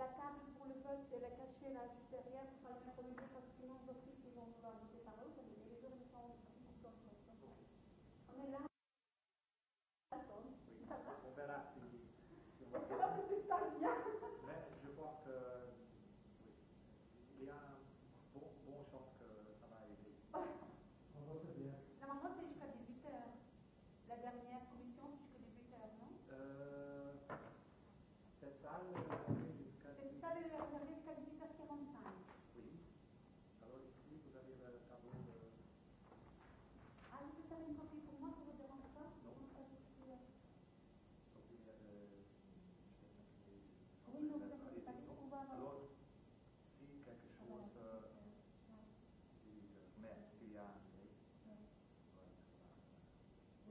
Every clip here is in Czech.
la carte pour le peuple la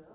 jo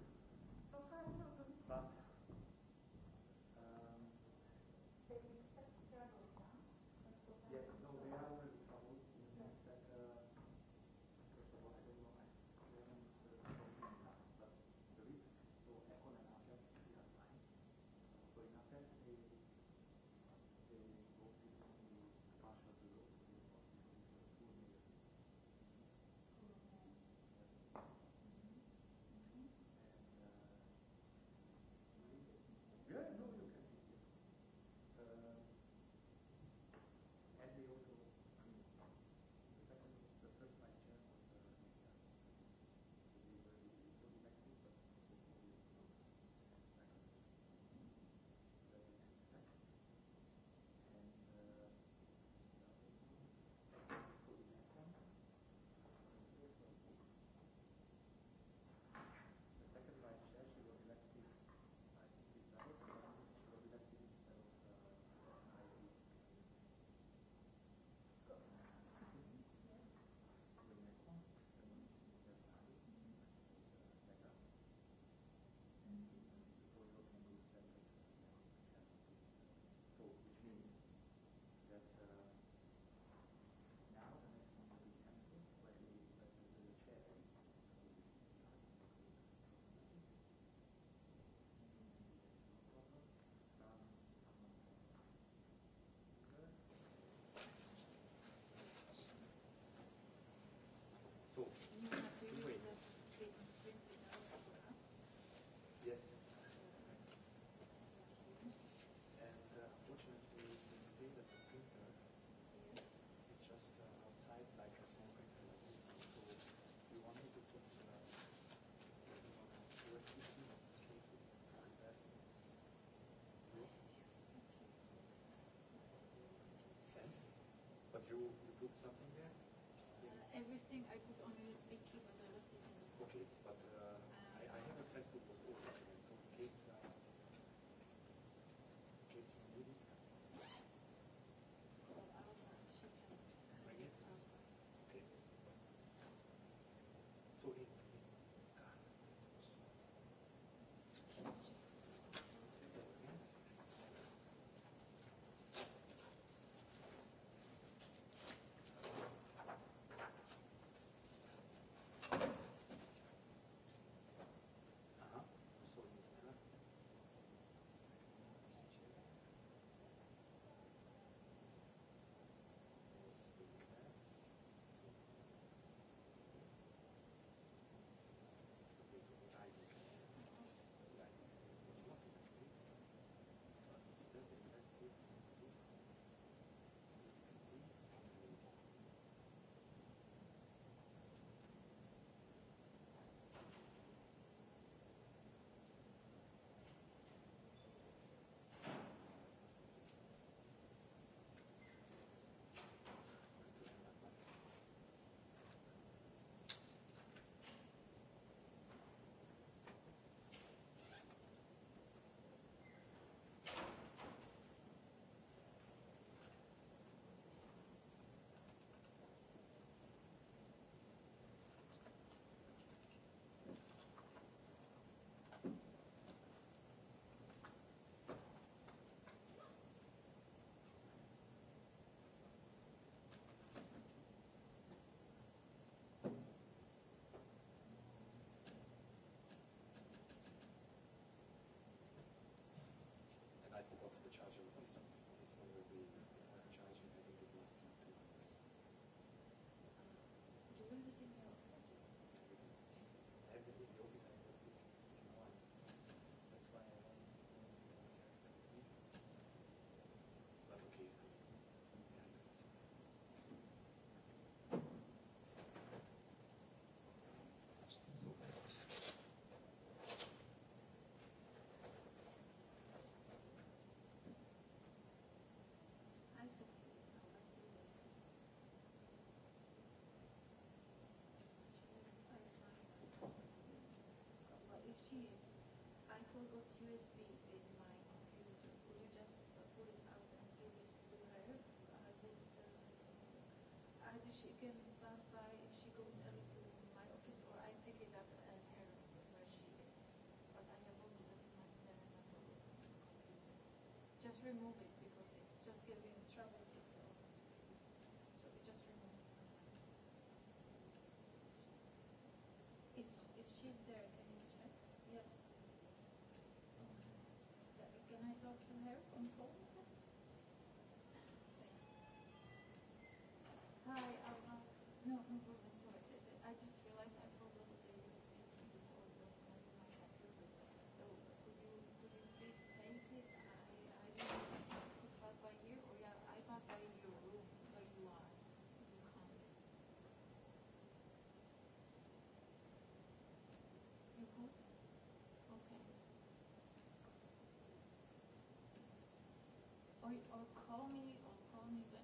put something there? Uh, everything I put on USB key, but I lost it in the. Okay, but uh, um, I, I have access to those old documents, so in case. Uh, just remove it because it's just giving trouble to us. So we just remove it. Is, if she's there, can you check? Yes. Can I talk to her on phone? me or call me or call me when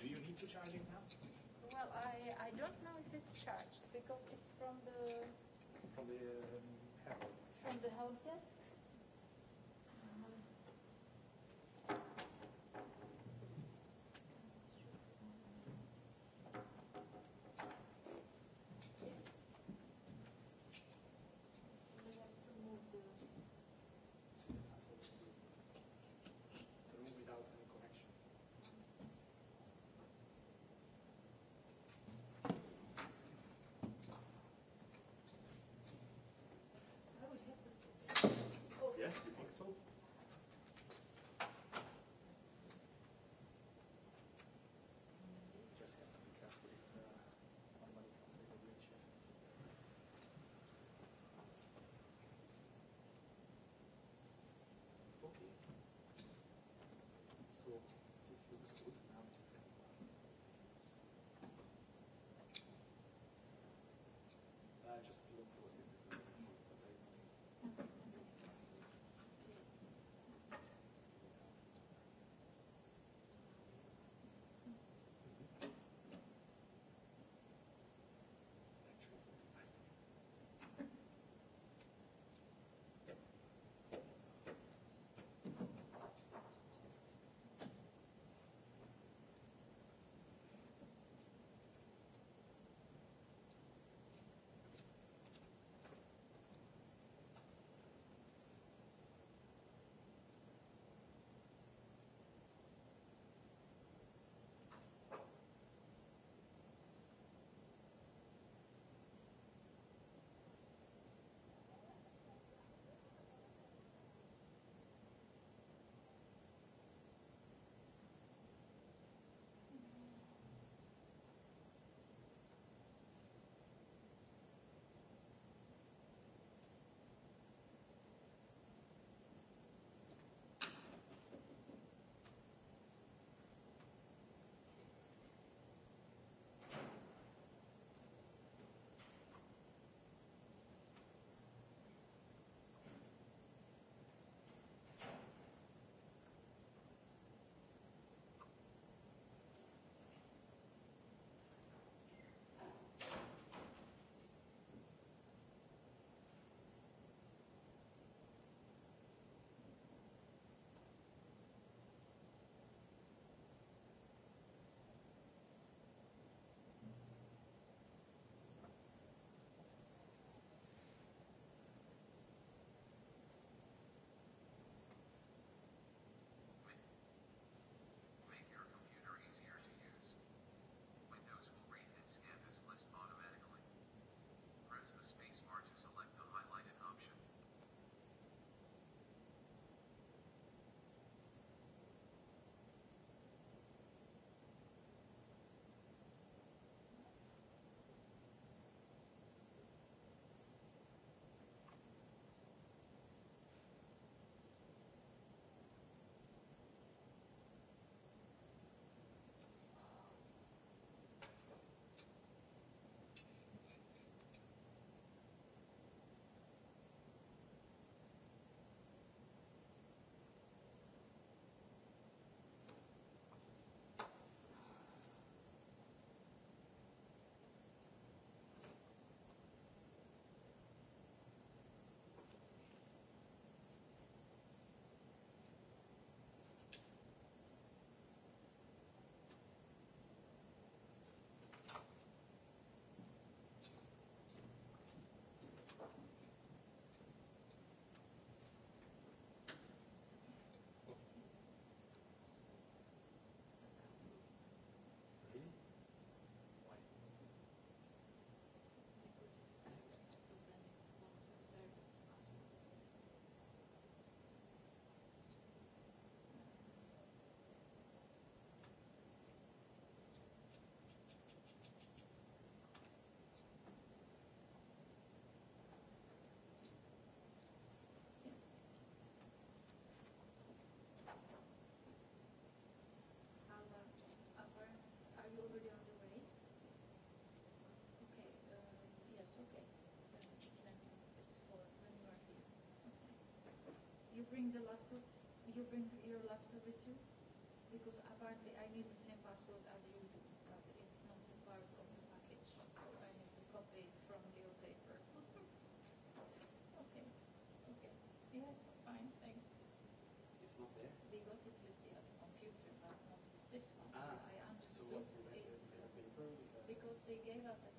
Do you need to charge it now? Well, I, I don't know if it's charged because it's from the... From the um, help desk. From the help desk? jsou bring the laptop? You bring your laptop with you? Because apparently I need the same password as you do, but it's not a part of the package, so I need to copy it from your paper. okay, okay. Yes, fine, thanks. It's not there? We got it with the other computer, but not with this one, ah, so I understood so it's... Uh, paper? Because they gave us a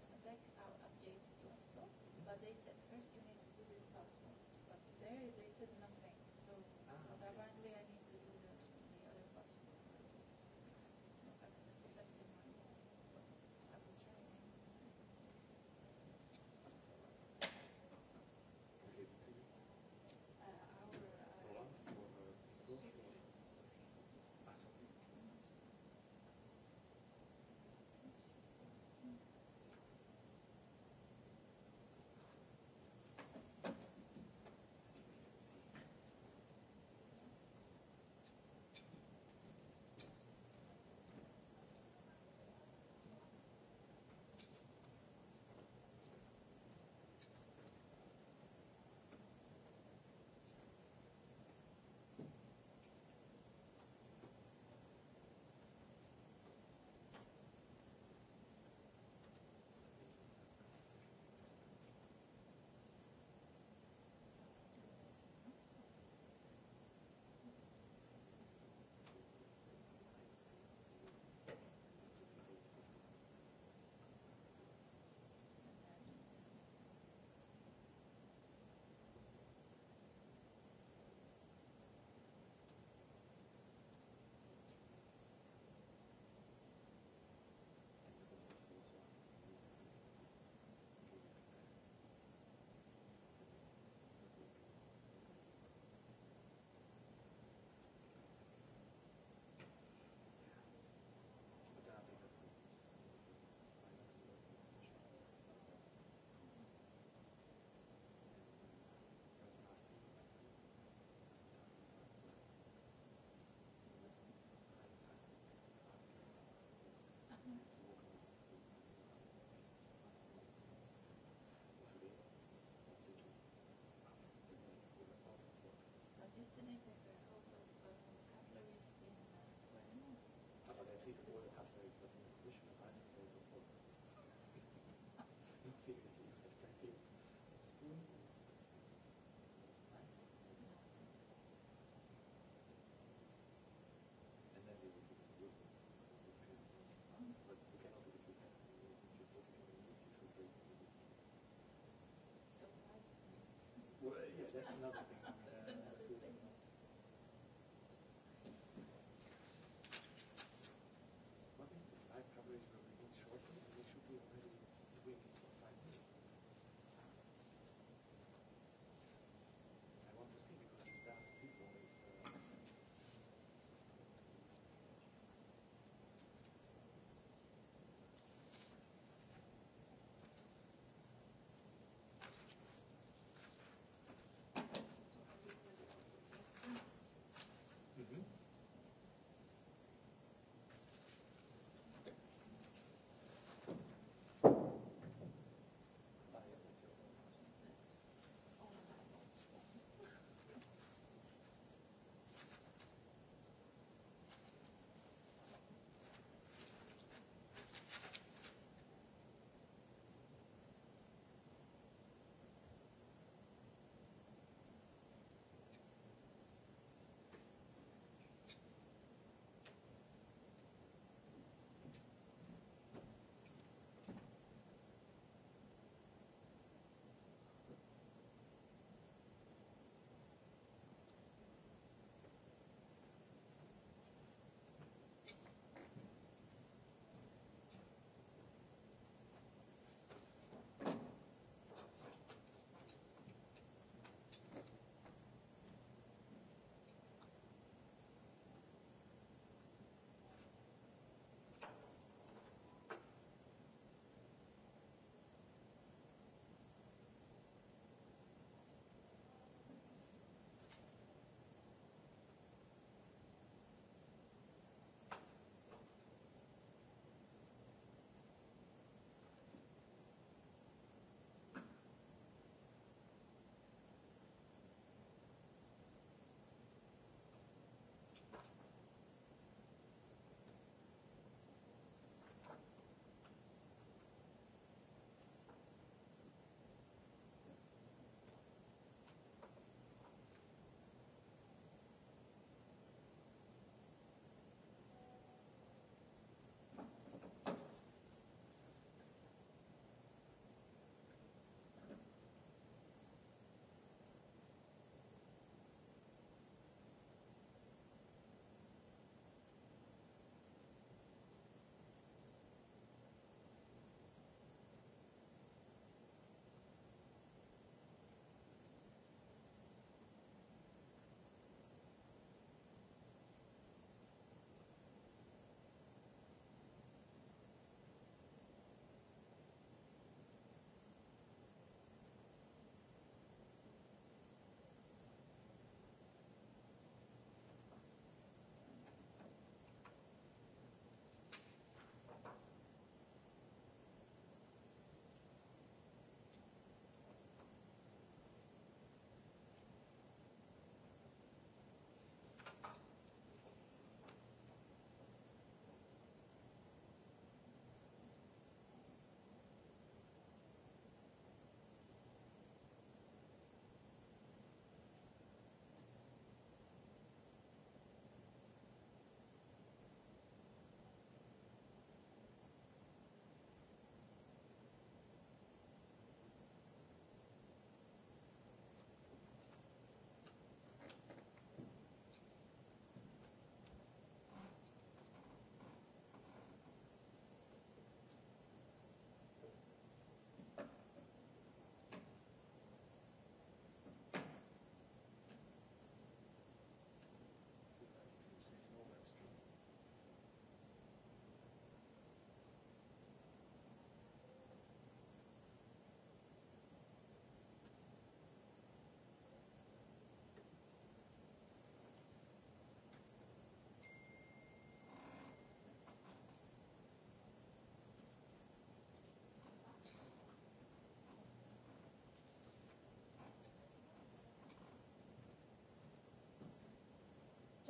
that's another thing.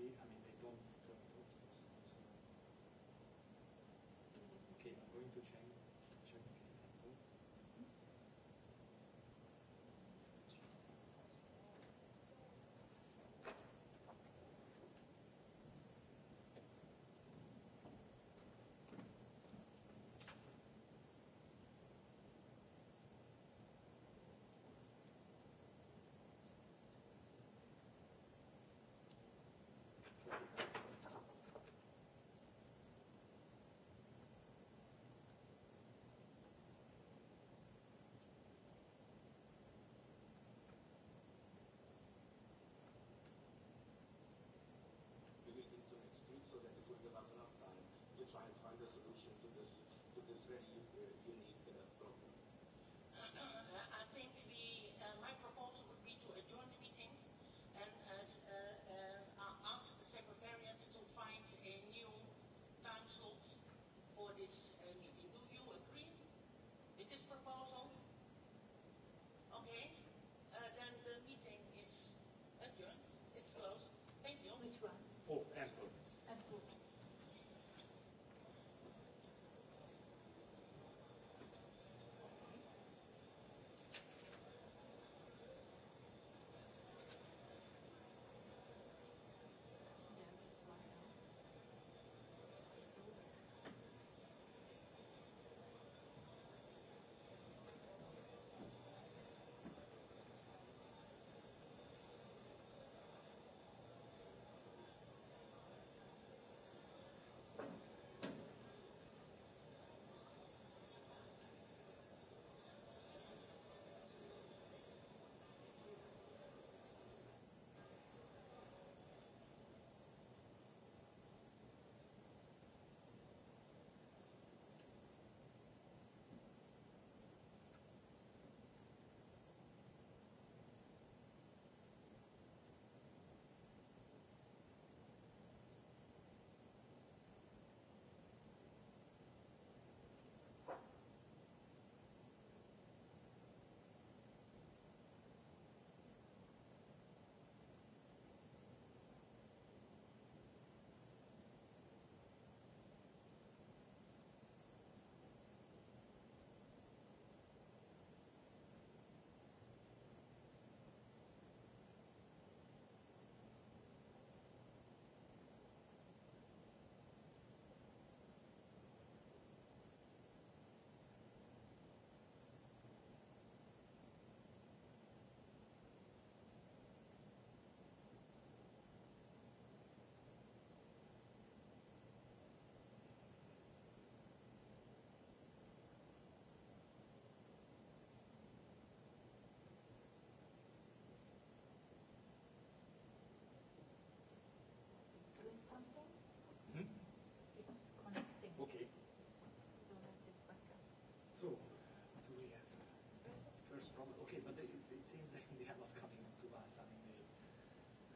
a mí very unique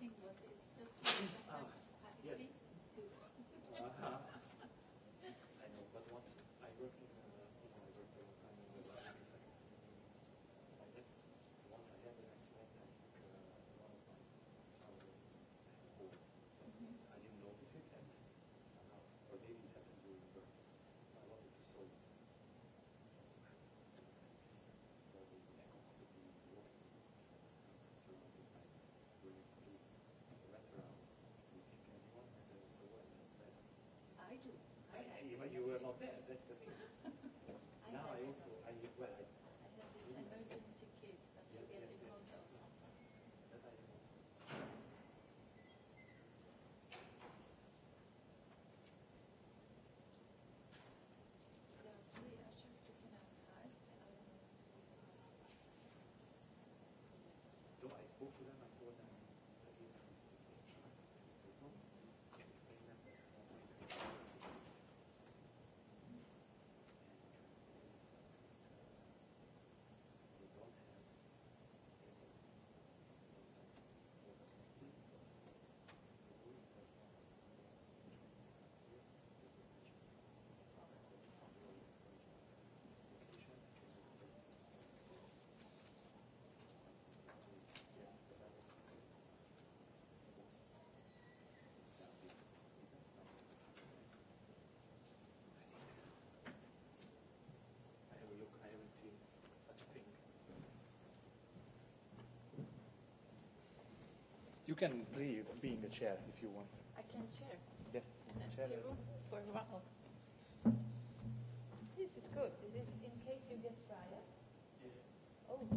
think what is hopefully that You can leave being a chair if you want. I can chair. Yes. chair. for a while. This is good. This is in case you get riots. Yes. Oh.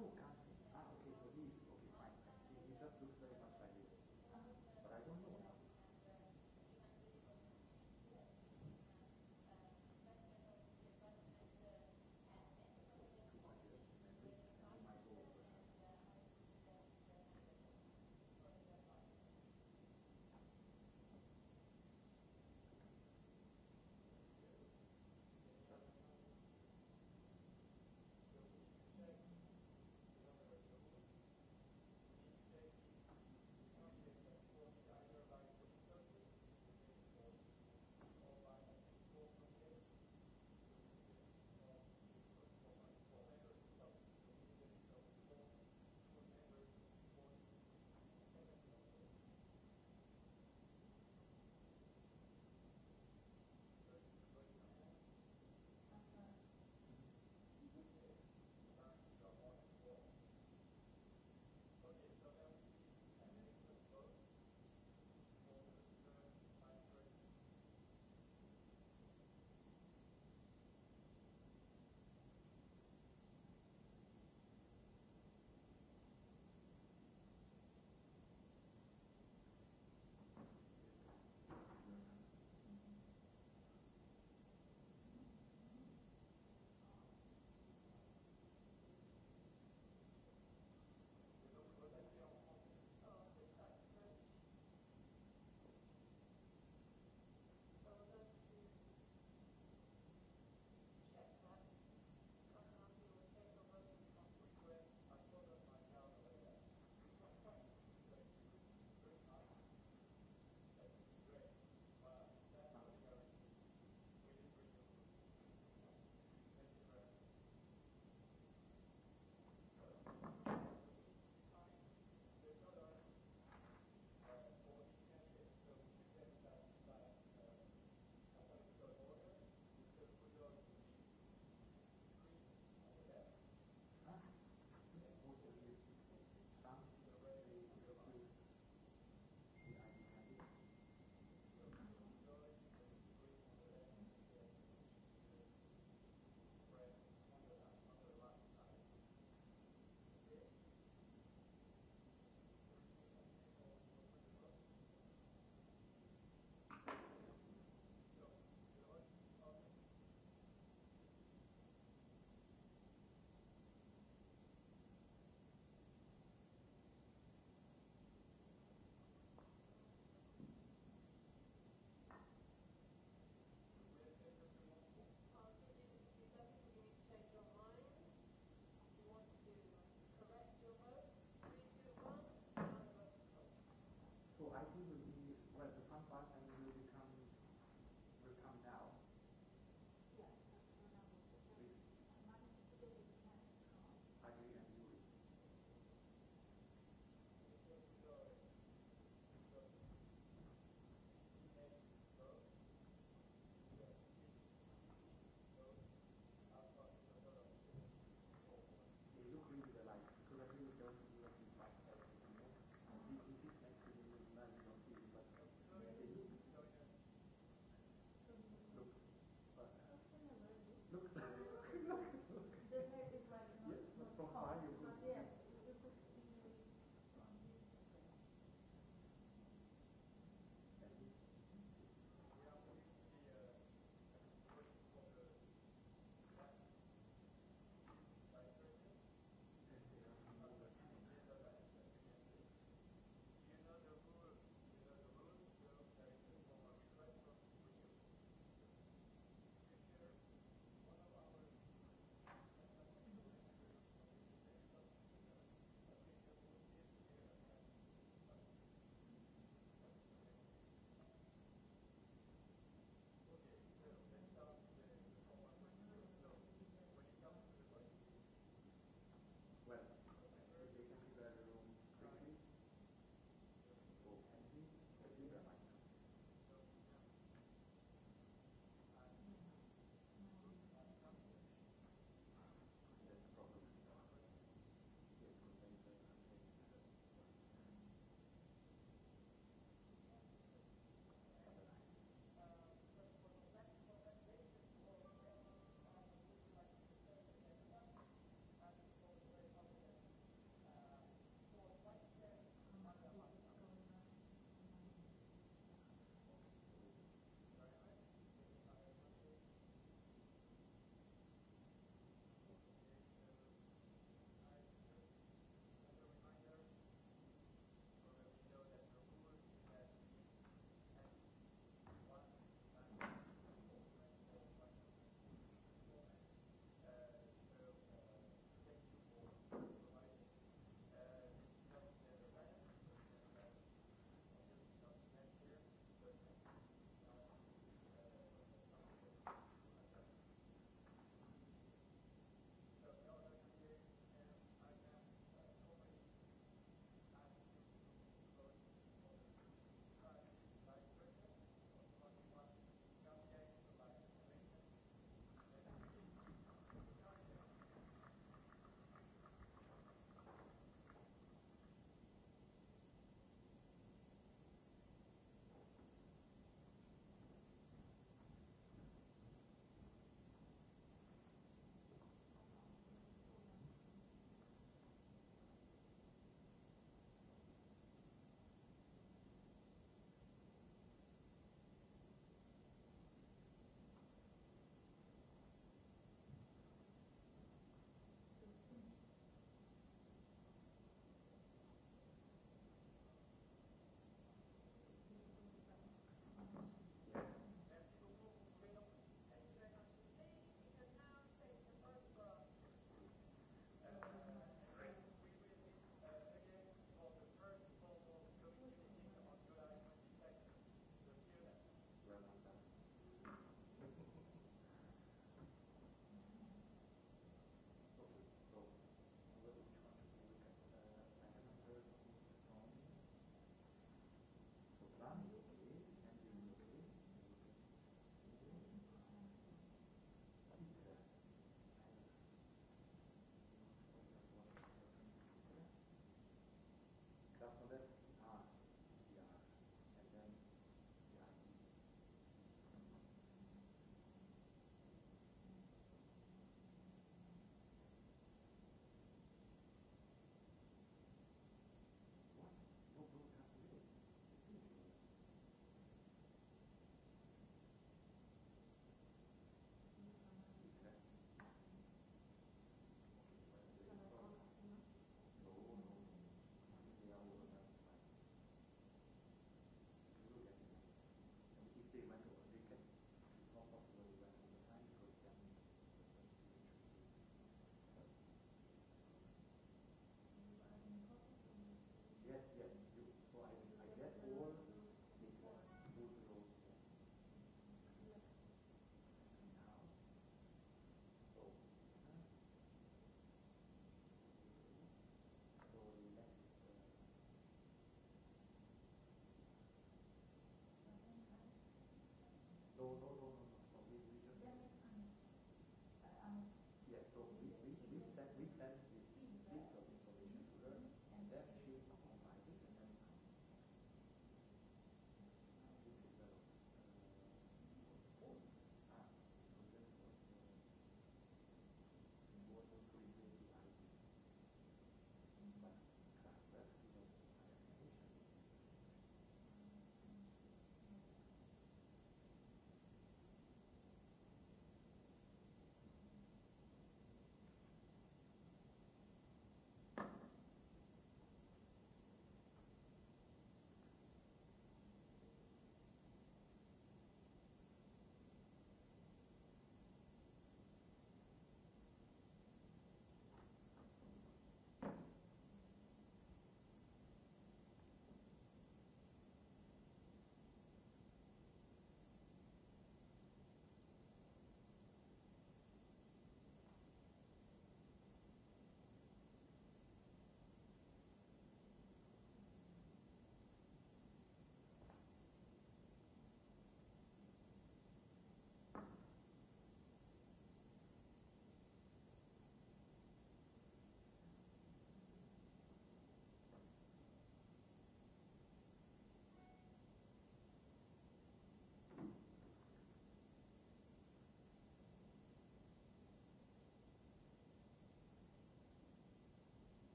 boka.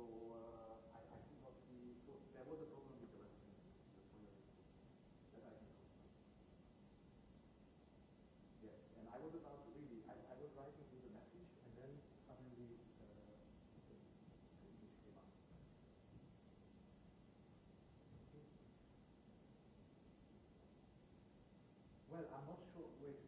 So uh, I, I think of the, so there was a problem with the Western that I think of. Yes, and I was about to really, I, I was writing with the message and then suddenly uh, the came up. Well, I'm not sure. Wait,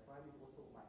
requirement also by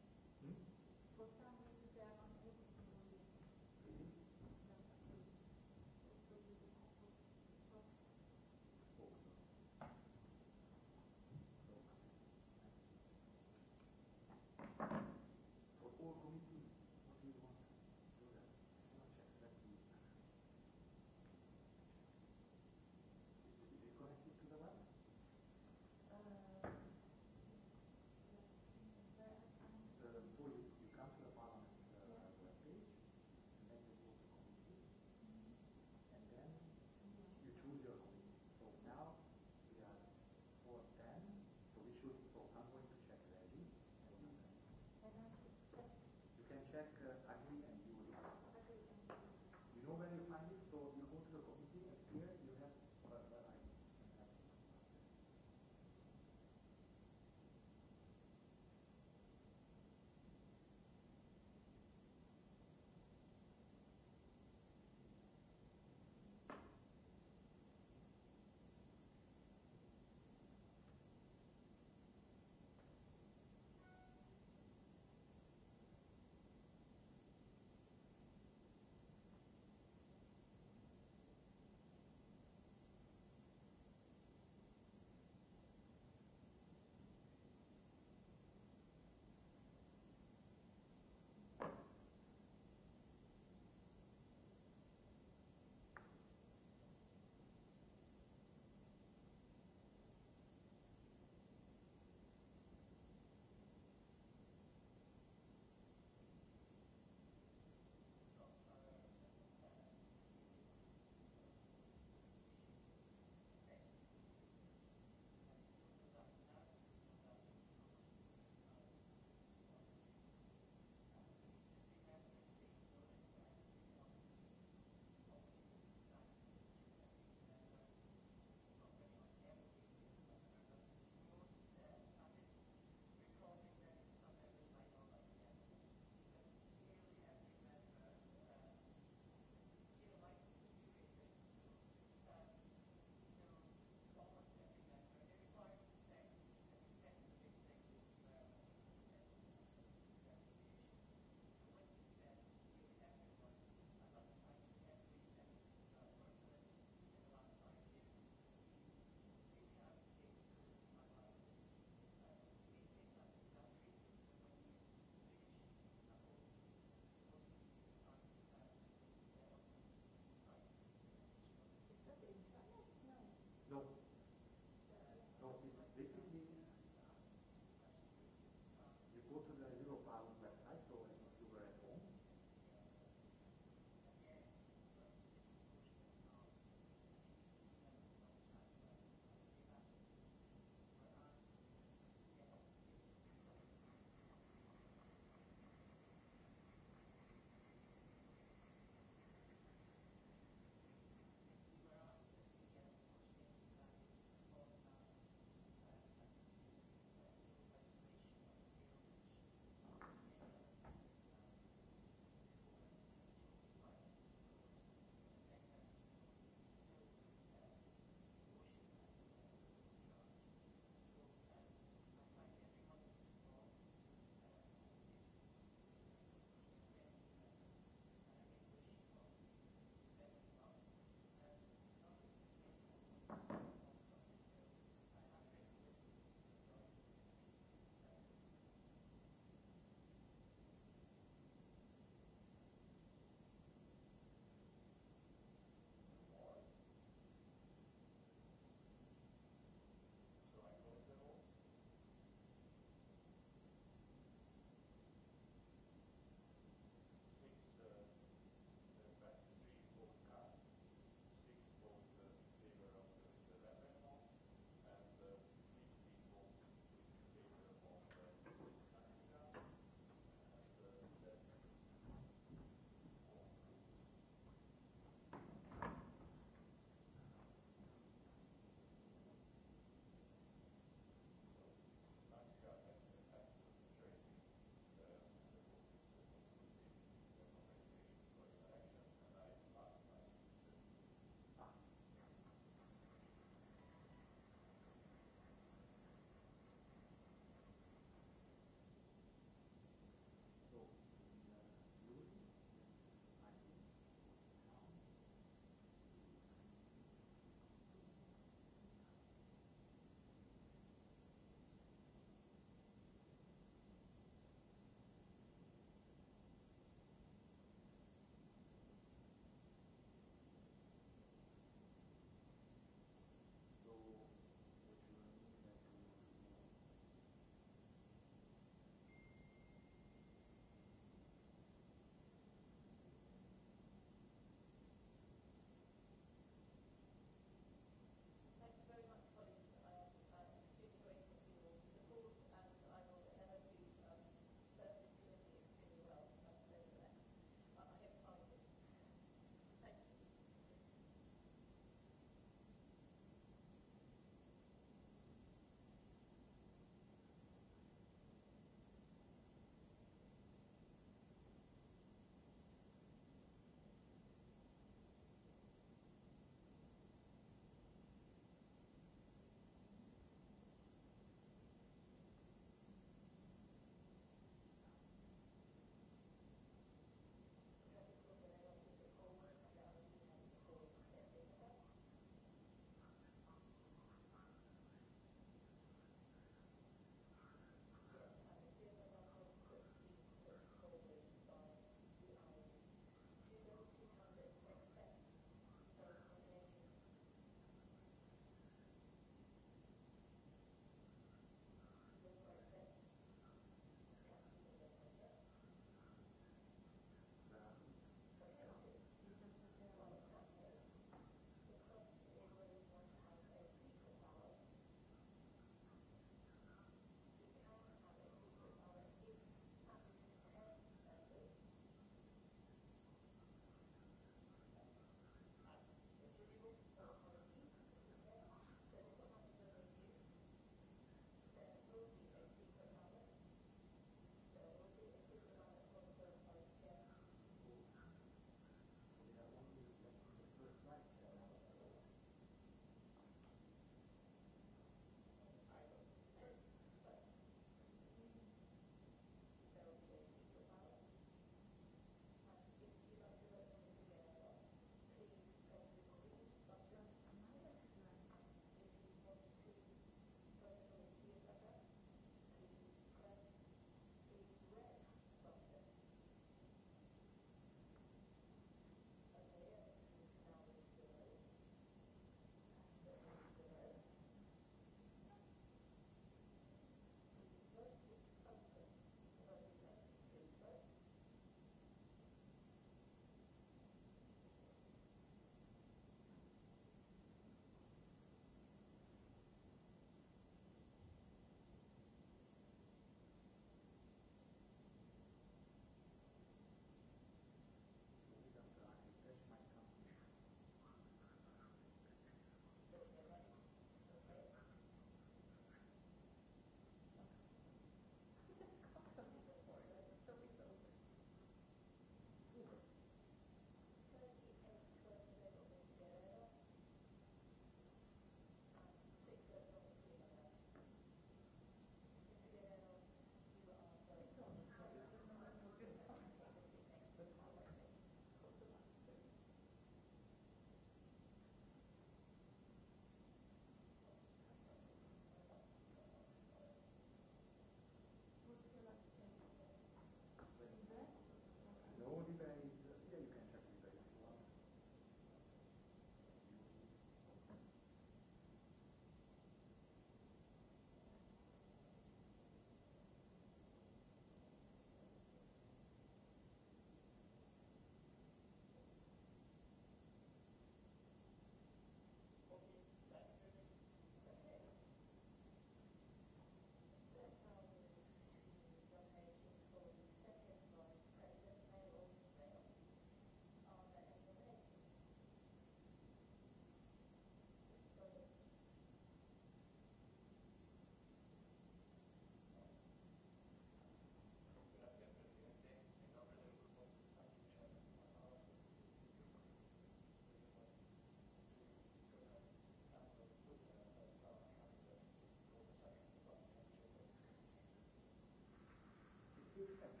Thank you.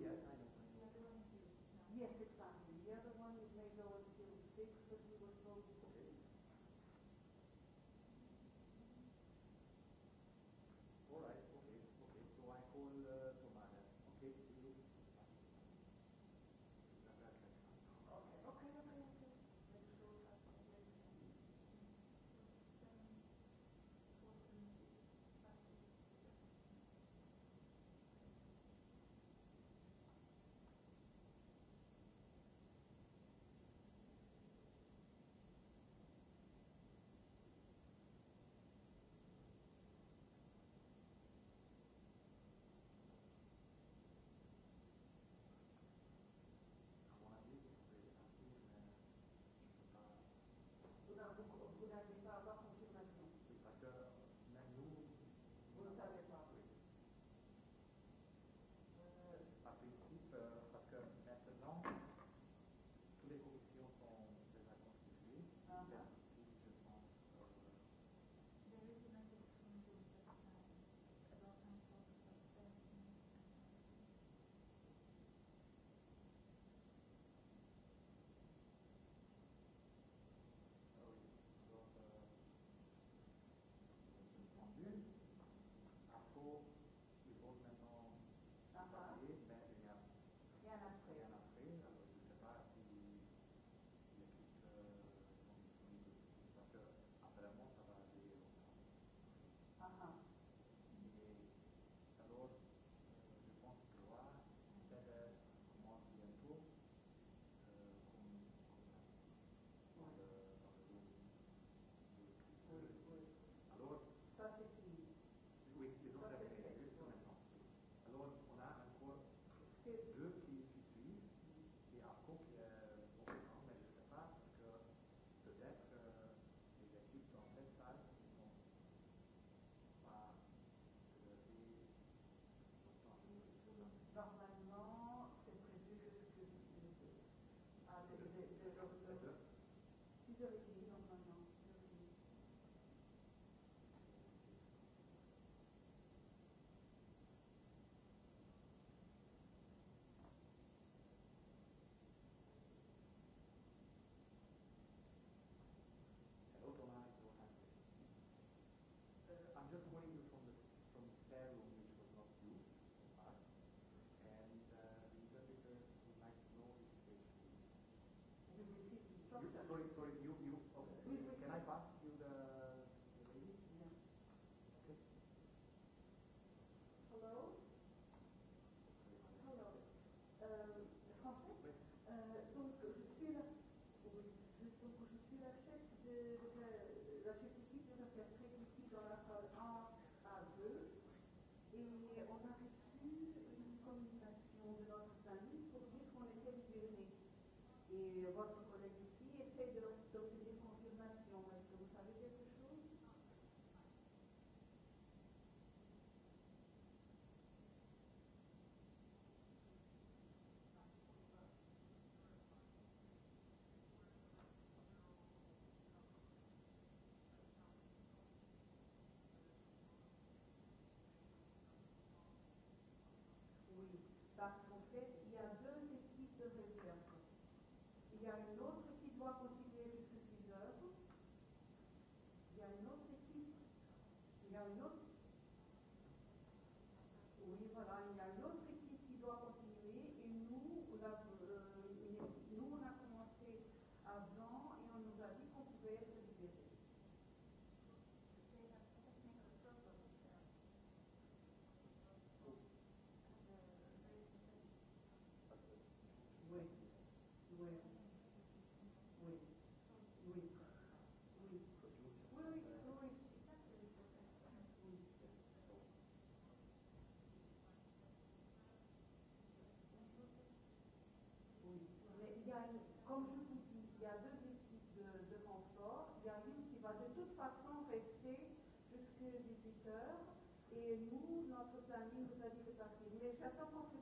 Yes tohle sorry, sorry, 5 минут, и два курса. realização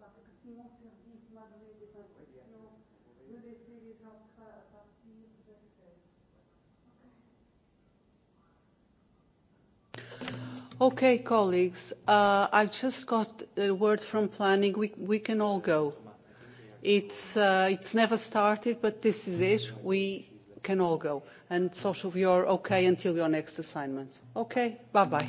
parce que si mon service m'a donné des impressions, laisser les gens partir, j'accepte. Okay, colleagues, uh, I just got a word from planning. We, we can all go. It's, uh, it's never started, but this is it. We can all go. And social, you're okay until your next assignment. Okay, bye-bye.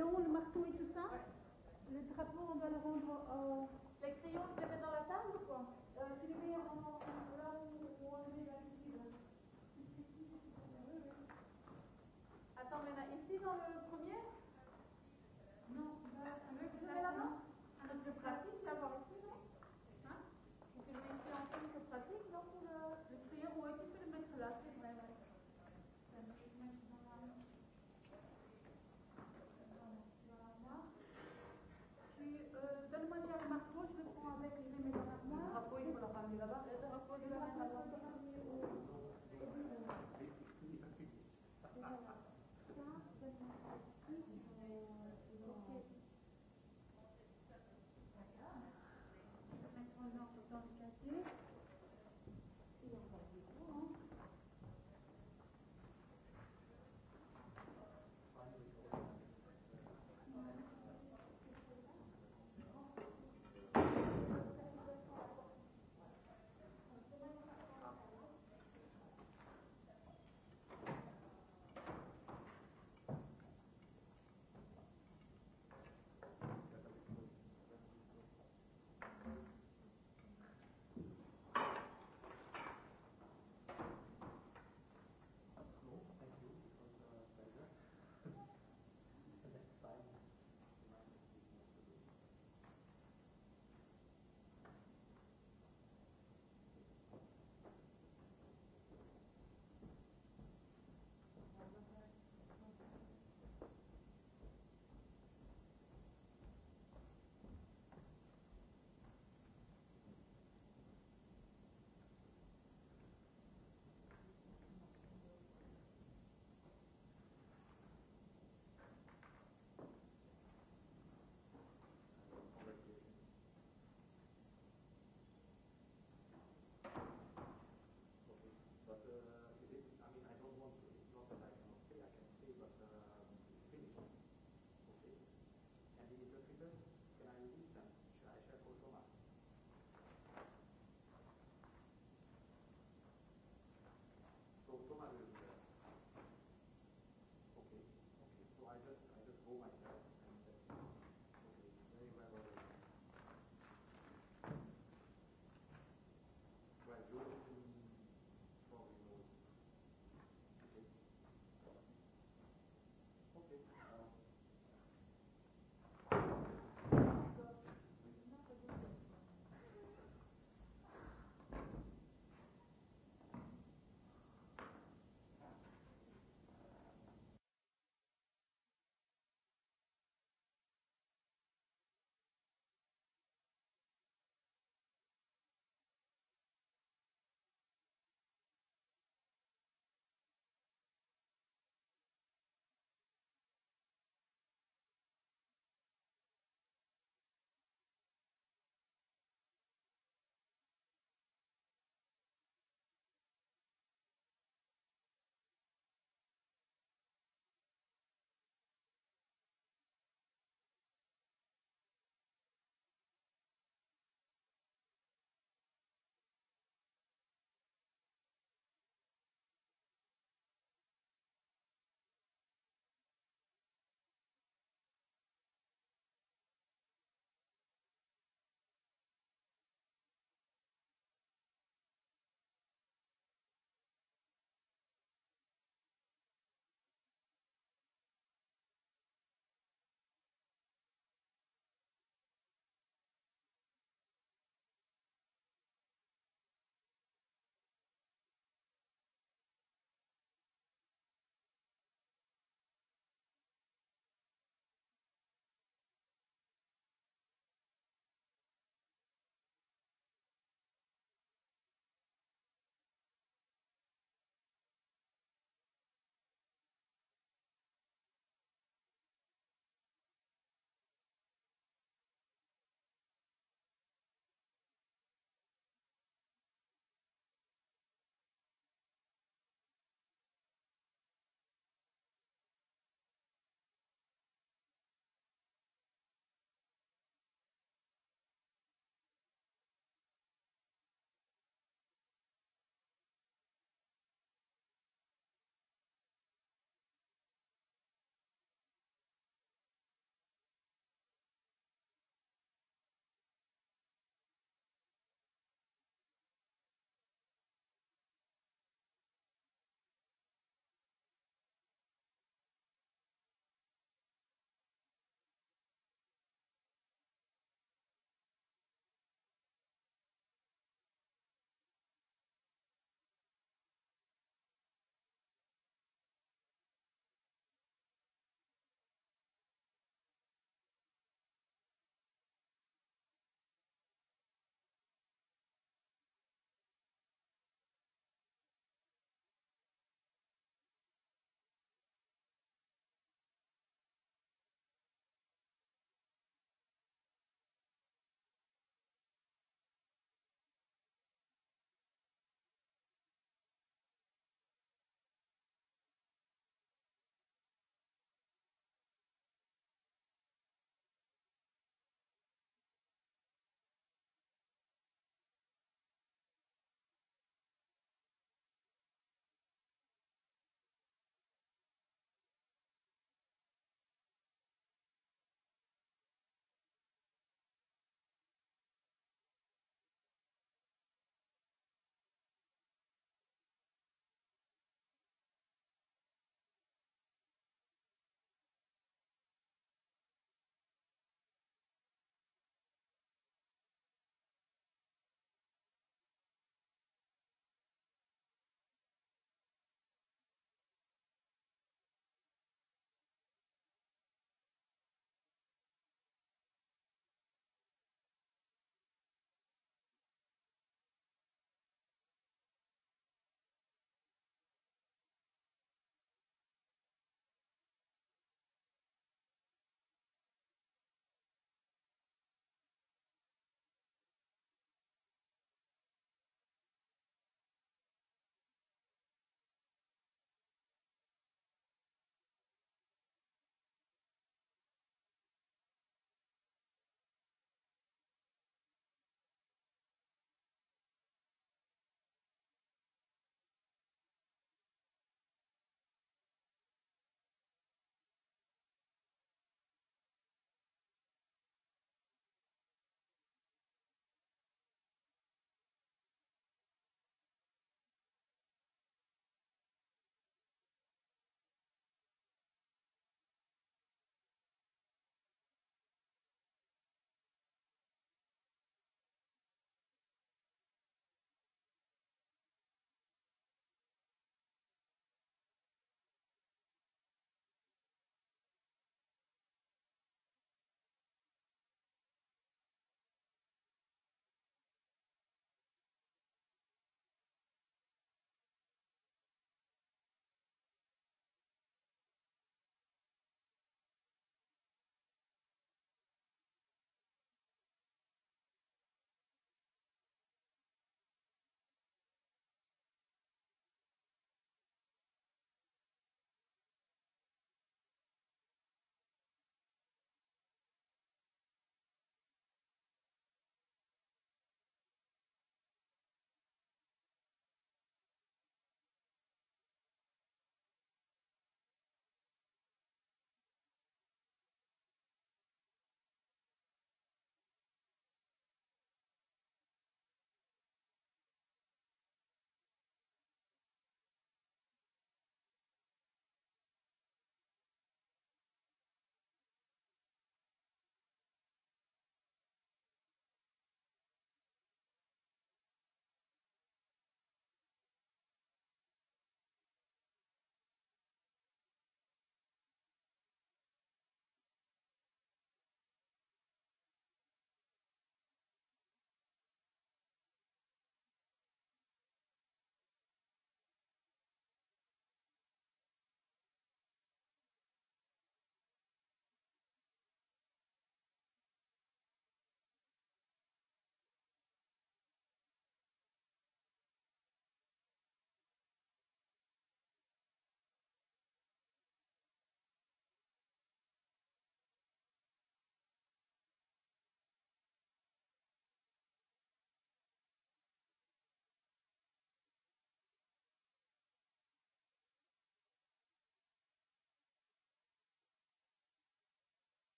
crayon, le marteau et tout ça Le drapeau, on doit le rendre au... Euh, Les crayons,